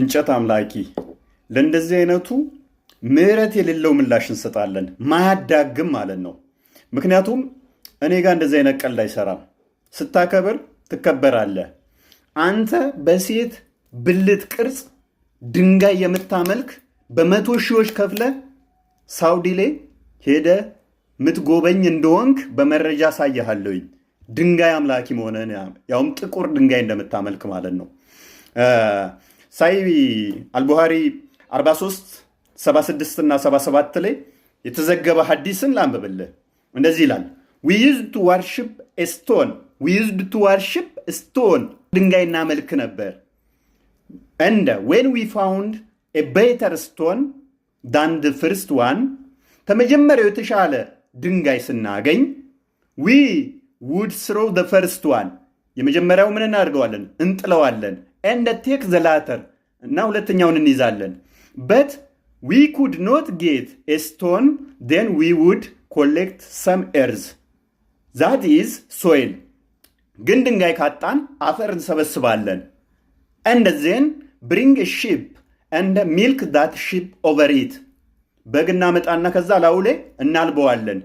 እንጨት አምላኪ ለእንደዚህ አይነቱ ምሕረት የሌለው ምላሽ እንሰጣለን። ማያዳግም ማለት ነው። ምክንያቱም እኔ ጋር እንደዚህ አይነት ቀልድ አይሰራም። ስታከብር ትከበራለህ። አንተ በሴት ብልት ቅርጽ ድንጋይ የምታመልክ በመቶ ሺዎች ከፍለ ሳውዲ ላይ ሄደ ምትጎበኝ እንደወንክ በመረጃ አሳይሃለሁኝ። ድንጋይ አምላኪ መሆንህን ያውም ጥቁር ድንጋይ እንደምታመልክ ማለት ነው። ሳይ አልቡሃሪ 43 76 እና 77 ላይ የተዘገበ ሀዲስን ላንብብልህ። እንደዚህ ይላል ዊዩዝድ ቱ ስቶን ዊዩዝድ ቱ ስቶን ድንጋይ እናመልክ ነበር። እንደ ዌን ዊ ፋውንድ ቤተር ስቶን ዳን ድ ፍርስት ዋን ከመጀመሪያው የተሻለ ድንጋይ ስናገኝ ዊ ውድ ስሮ ደ ፈርስት ዋን የመጀመሪያው ምን እናደርገዋለን? እንጥለዋለን። ኤንድ ቴክ ዘ ላተር እና ሁለተኛውን እንይዛለን። በት ዊ ኩድ ኖት ጌት ኤ ስቶን ዴን ዊ ውድ ኮሌክት ሰም ኤርዝ ዛት ኢዝ ሶይል። ግን ድንጋይ ካጣን አፈር እንሰበስባለን። እንደ ዜን ብሪንግ ሺፕ ኤንድ ሚልክ ዳት ሺፕ ኦቨር ኢት በግ እናመጣና ከዛ ላዩ ላይ እናልበዋለን፣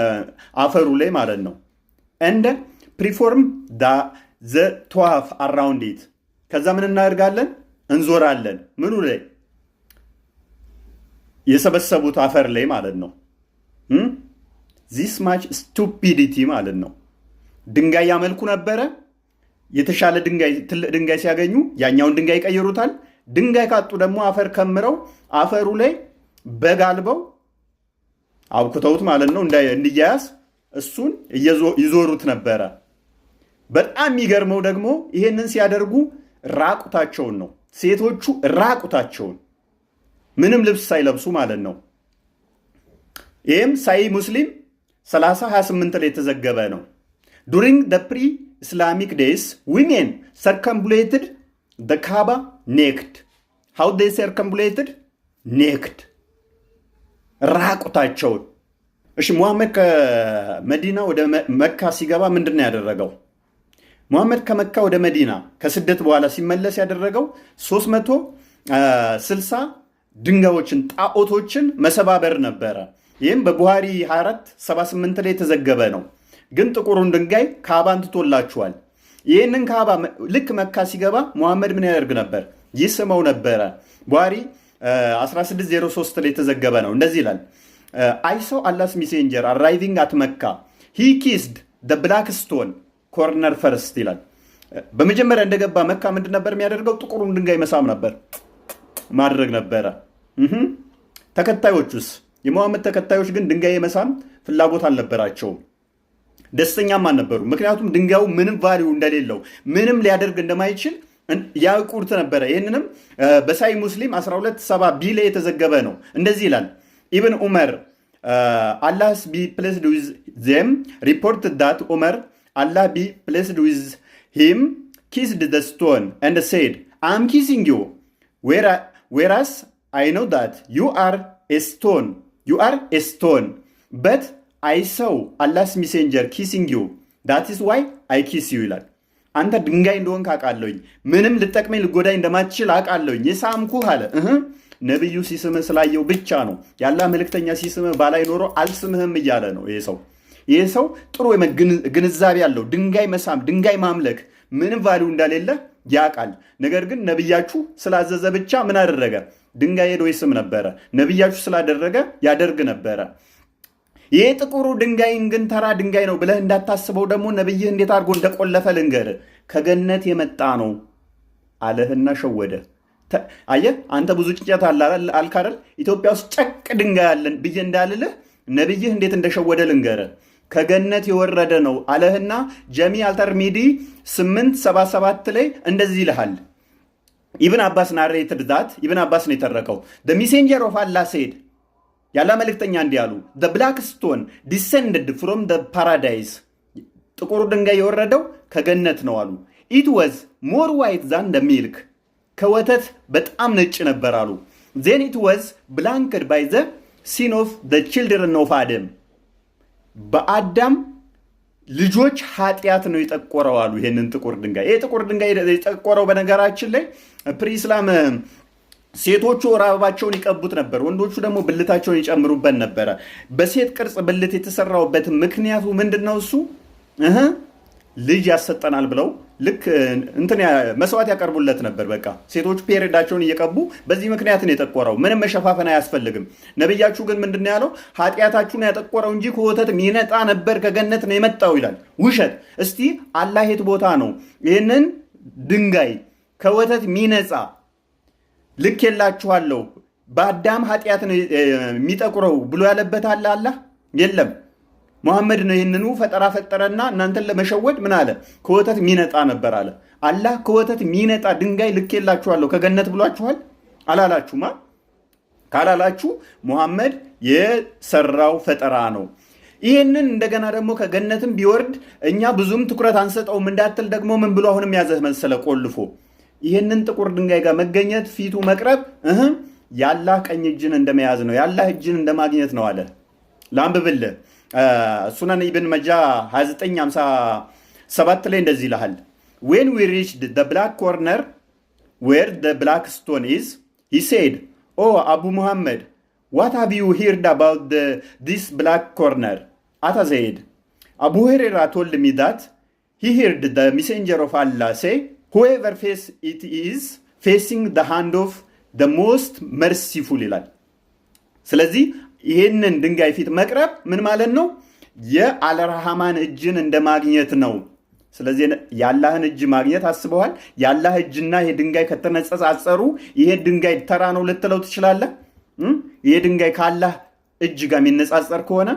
አፈሩ ላይ ማለት ነው። እንደ ፕሪፎርም ዘ ቷፍ አራውንድ ኢት ከዛ ምን እናደርጋለን? እንዞራለን። ምኑ ላይ? የሰበሰቡት አፈር ላይ ማለት ነው። ዚስ ማች ስቱፒዲቲ ማለት ነው። ድንጋይ ያመልኩ ነበረ። የተሻለ ድንጋይ ትልቅ ድንጋይ ሲያገኙ ያኛውን ድንጋይ ይቀይሩታል። ድንጋይ ካጡ ደግሞ አፈር ከምረው አፈሩ ላይ በጋልበው አልበው አብኩተውት ማለት ነው እንዲያያዝ እሱን ይዞሩት ነበረ። በጣም የሚገርመው ደግሞ ይሄንን ሲያደርጉ ራቁታቸውን ነው። ሴቶቹ ራቁታቸውን ምንም ልብስ ሳይለብሱ ማለት ነው። ይህም ሳይ ሙስሊም 3028 ላይ የተዘገበ ነው። ዱሪንግ ደ ፕሪ ኢስላሚክ ዴይስ ዊሜን ሰርከምቡሌትድ ደ ካባ ኔክድ ሀው ደ ሰርከምቡሌትድ ኔክድ ራቁታቸውን። እሺ ሙሐመድ ከመዲና ወደ መካ ሲገባ ምንድን ነው ያደረገው? ሙሐመድ ከመካ ወደ መዲና ከስደት በኋላ ሲመለስ ያደረገው 360 ድንጋዮችን ጣዖቶችን መሰባበር ነበረ። ይህም በቡሃሪ 24 78 ላይ የተዘገበ ነው። ግን ጥቁሩን ድንጋይ ካባን ትቶላችኋል። ይህንን ካባ ልክ መካ ሲገባ ሙሐመድ ምን ያደርግ ነበር? ይስመው ነበረ። ቡሃሪ 1603 ላይ የተዘገበ ነው። እንደዚህ ይላል አይሰው አላስ ሚሴንጀር አራይቪንግ አት መካ ሂ ኪስድ ብላክ ስቶን ኮርነር ፈርስት ይላል። በመጀመሪያ እንደገባ መካ ምንድን ነበር የሚያደርገው? ጥቁሩን ድንጋይ መሳም ነበር ማድረግ ነበረ። ተከታዮቹስ የመሐመድ ተከታዮች ግን ድንጋይ መሳም ፍላጎት አልነበራቸውም። ደስተኛም አልነበሩ። ምክንያቱም ድንጋዩ ምንም ቫሊዩ እንደሌለው ምንም ሊያደርግ እንደማይችል ያቁርት ነበረ። ይህንንም በሳይ ሙስሊም 127 ቢ ላይ የተዘገበ ነው። እንደዚህ ይላል ኢብን ዑመር አላስ ቢ ፕሌስድ ዊዝ ዜም ሪፖርት ዳት ዑመር Allah be pleased with him, kissed the stone and said, I am kissing you, whereas I know that you are a stone, you are a stone, but I saw Allah's messenger kissing you, that is why I kiss you ይላል። አንተ ድንጋይ እንደሆንክ አውቃለሁኝ፣ ምንም ልጠቅመኝ ልጎዳኝ እንደማትችል አውቃለሁኝ። የሳምኩህ አለ ነቢዩ ሲስምህ ስላየው ብቻ ነው። ያላ መልእክተኛ ሲስምህ ባላይ ኖሮ አልስምህም እያለ ነው ይሄ ሰው። ይህ ሰው ጥሩ ግንዛቤ ያለው ድንጋይ መሳም፣ ድንጋይ ማምለክ ምንም ቫሊው እንደሌለ ያውቃል። ነገር ግን ነቢያችሁ ስላዘዘ ብቻ ምን አደረገ? ድንጋይ ሄዶ ይስም ነበረ። ነቢያችሁ ስላደረገ ያደርግ ነበረ። ይህ ጥቁሩ ድንጋይን ግን ተራ ድንጋይ ነው ብለህ እንዳታስበው ደግሞ ነቢይህ እንዴት አድርጎ እንደቆለፈ ልንገር። ከገነት የመጣ ነው አለህና ሸወደ። አየህ አንተ ብዙ ጭንጨት አልካረል ኢትዮጵያ ውስጥ ጨቅ ድንጋይ አለን ብዬ እንዳልልህ ነቢይህ እንዴት እንደሸወደ ልንገር። ከገነት የወረደ ነው አለህና ጀሚ አልተርሚዲ 877 ላይ እንደዚህ ይልሃል። ኢብን አባስ ናሬትድ ዛት ኢብን አባስ ነው የተረከው። ደ ሚሴንጀር ኦፍ አላ ሴድ ያለ መልእክተኛ እንዲህ አሉ። ደ ብላክ ስቶን ዲሰንድድ ፍሮም ደ ፓራዳይዝ ጥቁሩ ድንጋይ የወረደው ከገነት ነው አሉ። ኢት ወዝ ሞር ዋይት ዛን ደ ሚልክ ከወተት በጣም ነጭ ነበር አሉ። ዜን ኢት ወዝ ብላንክድ ባይ ዘ ሲን ኦፍ ደ ችልድረን ኦፍ አደም በአዳም ልጆች ኃጢአት ነው የጠቆረው አሉ። ጥቁር ድንጋይ ይህ ጥቁር ድንጋይ የጠቆረው በነገራችን ላይ ፕሪስላም ሴቶቹ ራባቸውን ይቀቡት ነበር፣ ወንዶቹ ደግሞ ብልታቸውን ይጨምሩበት ነበረ። በሴት ቅርጽ ብልት የተሰራውበት ምክንያቱ ምንድን ነው? እሱ ልጅ ያሰጠናል ብለው ልክ እንትን መስዋዕት ያቀርቡለት ነበር። በቃ ሴቶቹ ፔሬዳቸውን እየቀቡ በዚህ ምክንያት ነው የጠቆረው። ምንም መሸፋፈን አያስፈልግም። ነብያችሁ ግን ምንድን ያለው? ኃጢአታችሁን ያጠቆረው እንጂ ከወተት ሚነጣ ነበር ከገነት ነው የመጣው ይላል። ውሸት። እስቲ አላህ የት ቦታ ነው ይህንን ድንጋይ ከወተት ሚነጻ ልክ የላችኋለሁ በአዳም ኃጢአት ነው የሚጠቁረው ብሎ ያለበት አለ አላህ የለም። መሐመድ ነው ይህንኑ ፈጠራ ፈጠረና እናንተን ለመሸወድ ምን አለ? ከወተት ሚነጣ ነበር አለ። አላህ ከወተት ሚነጣ ድንጋይ ልኬላችኋለሁ ከገነት ብሏችኋል አላላችሁማ? ካላላችሁ ሙሐመድ የሰራው ፈጠራ ነው። ይህንን እንደገና ደግሞ ከገነትም ቢወርድ እኛ ብዙም ትኩረት አንሰጠውም እንዳትል ደግሞ ምን ብሎ አሁንም ያዘ መሰለ ቆልፎ ይህንን ጥቁር ድንጋይ ጋር መገኘት ፊቱ መቅረብ እህ የአላህ ቀኝ እጅን እንደመያዝ ነው፣ የአላህ እጅን እንደማግኘት ነው አለ። ላንብብልህ ሱናን ኢብን መጃ 2957 ላይ እንደዚህ ይልሃል። ዌን ዊ ሪችድ ደ ብላክ ኮርነር ዌር ደ ብላክ ስቶን ኢዝ ሂ ሴድ ኦ አቡ ሙሐመድ ዋት ሃቭ ዩ ሂርድ አባውት ዲስ ብላክ ኮርነር አታ ዘይድ አቡ ሁሬራ ቶልድ ሚ ዳት ሂ ሂርድ ደ ሜሴንጀር ኦፍ አላ ሴ ሁኤቨር ፌስ ኢት ኢዝ ፌሲንግ ደ ሃንድ ኦፍ ደ ሞስት መርሲፉል ይላል። ስለዚህ ይህንን ድንጋይ ፊት መቅረብ ምን ማለት ነው? የአልረሃማን እጅን እንደ ማግኘት ነው። ስለዚህ የአላህን እጅ ማግኘት አስበዋል። የአላህ እጅና ይሄ ድንጋይ ከተነጸጻጸሩ ይሄ ድንጋይ ተራ ነው ልትለው ትችላለህ። ይሄ ድንጋይ ከአላህ እጅ ጋር የሚነጻጸር ከሆነ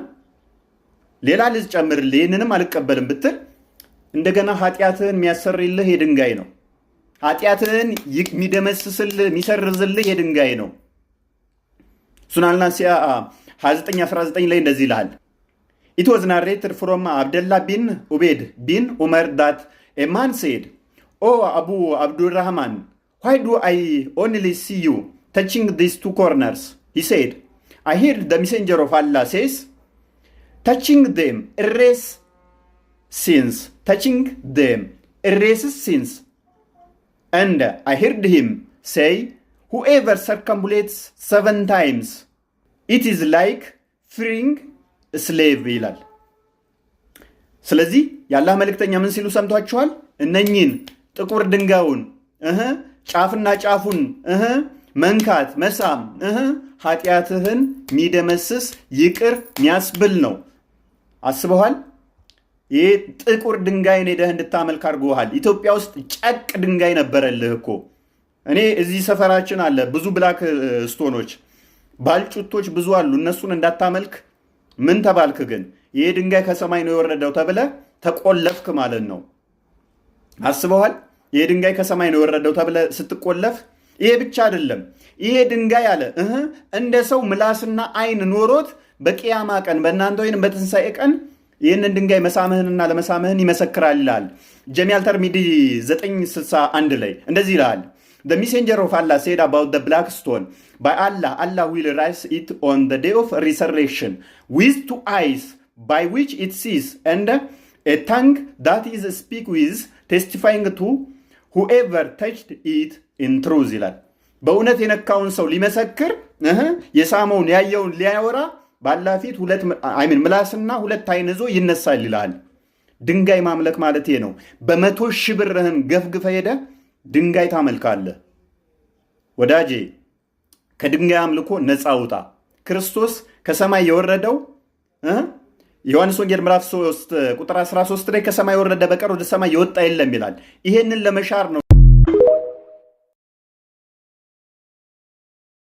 ሌላ ልዝ ጨምርልህ፣ ይህንንም አልቀበልም ብትል እንደገና ኃጢአትህን የሚያሰርልህ የድንጋይ ነው። ኃጢአትህን የሚደመስስልህ የሚሰርዝልህ የድንጋይ ነው። ሱናልናሲያ 2919 ላይ እንደዚህ ይልሃል ኢት ዋዝ ናሬትድ ፍሮም አብደላ ቢን ኡቤድ ቢን ኡመር ዳት ኤማን ሴድ ኦ አቡ አብዱራህማን ዋይ ዱ አይ ኦንሊ ሲ ዩ ተችንግ ዲስ ቱ ኮርነርስ ሂ ሴድ አይ ሄርድ ደ ሜሴንጀር ኦፍ አላ ሴስ ተችንግ ዴም እሬስ ሲንስ ተችንግ ዴም እሬስስ ሲንስ and I heard him say, whoever circumambulates seven times it is like freeing slave ይላል። ስለዚህ የአላህ መልእክተኛ ምን ሲሉ ሰምቷችኋል? እነኝን ጥቁር ድንጋዩን እህ ጫፍና ጫፉን እህ መንካት መሳም እህ ኃጢአትህን የሚደመስስ ይቅር ሚያስብል ነው። አስበኋል። ይህ ጥቁር ድንጋይን ሄደህ እንድታመልክ አድርጎሃል። ኢትዮጵያ ውስጥ ጨቅ ድንጋይ ነበረልህ እኮ እኔ እዚህ ሰፈራችን አለ ብዙ ብላክ ስቶኖች uh, ባልጩቶች ብዙ አሉ። እነሱን እንዳታመልክ ምን ተባልክ? ግን ይሄ ድንጋይ ከሰማይ ነው የወረደው ተብለ ተቆለፍክ ማለት ነው። አስበዋል? ይሄ ድንጋይ ከሰማይ ነው የወረደው ተብለ ስትቆለፍ፣ ይሄ ብቻ አይደለም። ይሄ ድንጋይ አለ እህ እንደ ሰው ምላስና አይን ኖሮት በቅያማ ቀን በእናንተ ወይም በትንሣኤ ቀን ይህንን ድንጋይ መሳምህንና ለመሳምህን ይመሰክራል ይልሃል። ጀሚያል ተርሚዲ 961 ላይ እንደዚህ ይልሃል The messenger of Allah said about the black stone, By Allah, Allah will rise it on the day of resurrection with two eyes by which it sees, and a tongue that is speak with, testifying to whoever touched it in truth ይላል። በእውነት የነካውን ሰው ሊመሰክር የሳመውን ያየውን ሊያወራ ባላ ፊት ሁለት አይምን ምላስና ሁለት አይን ይዞ ይነሳል ይላል። ድንጋይ ማምለክ ማለት ነው። በመቶ ሺህ ብርህን ገፍግፈ ሄደ ድንጋይ ታመልካለህ። ወዳጄ ከድንጋይ አምልኮ ነፃ ውጣ። ክርስቶስ ከሰማይ የወረደው ዮሐንስ ወንጌል ምዕራፍ 3 ቁጥር 13 ላይ ከሰማይ የወረደ በቀር ወደ ሰማይ የወጣ የለም ይላል። ይሄንን ለመሻር ነው።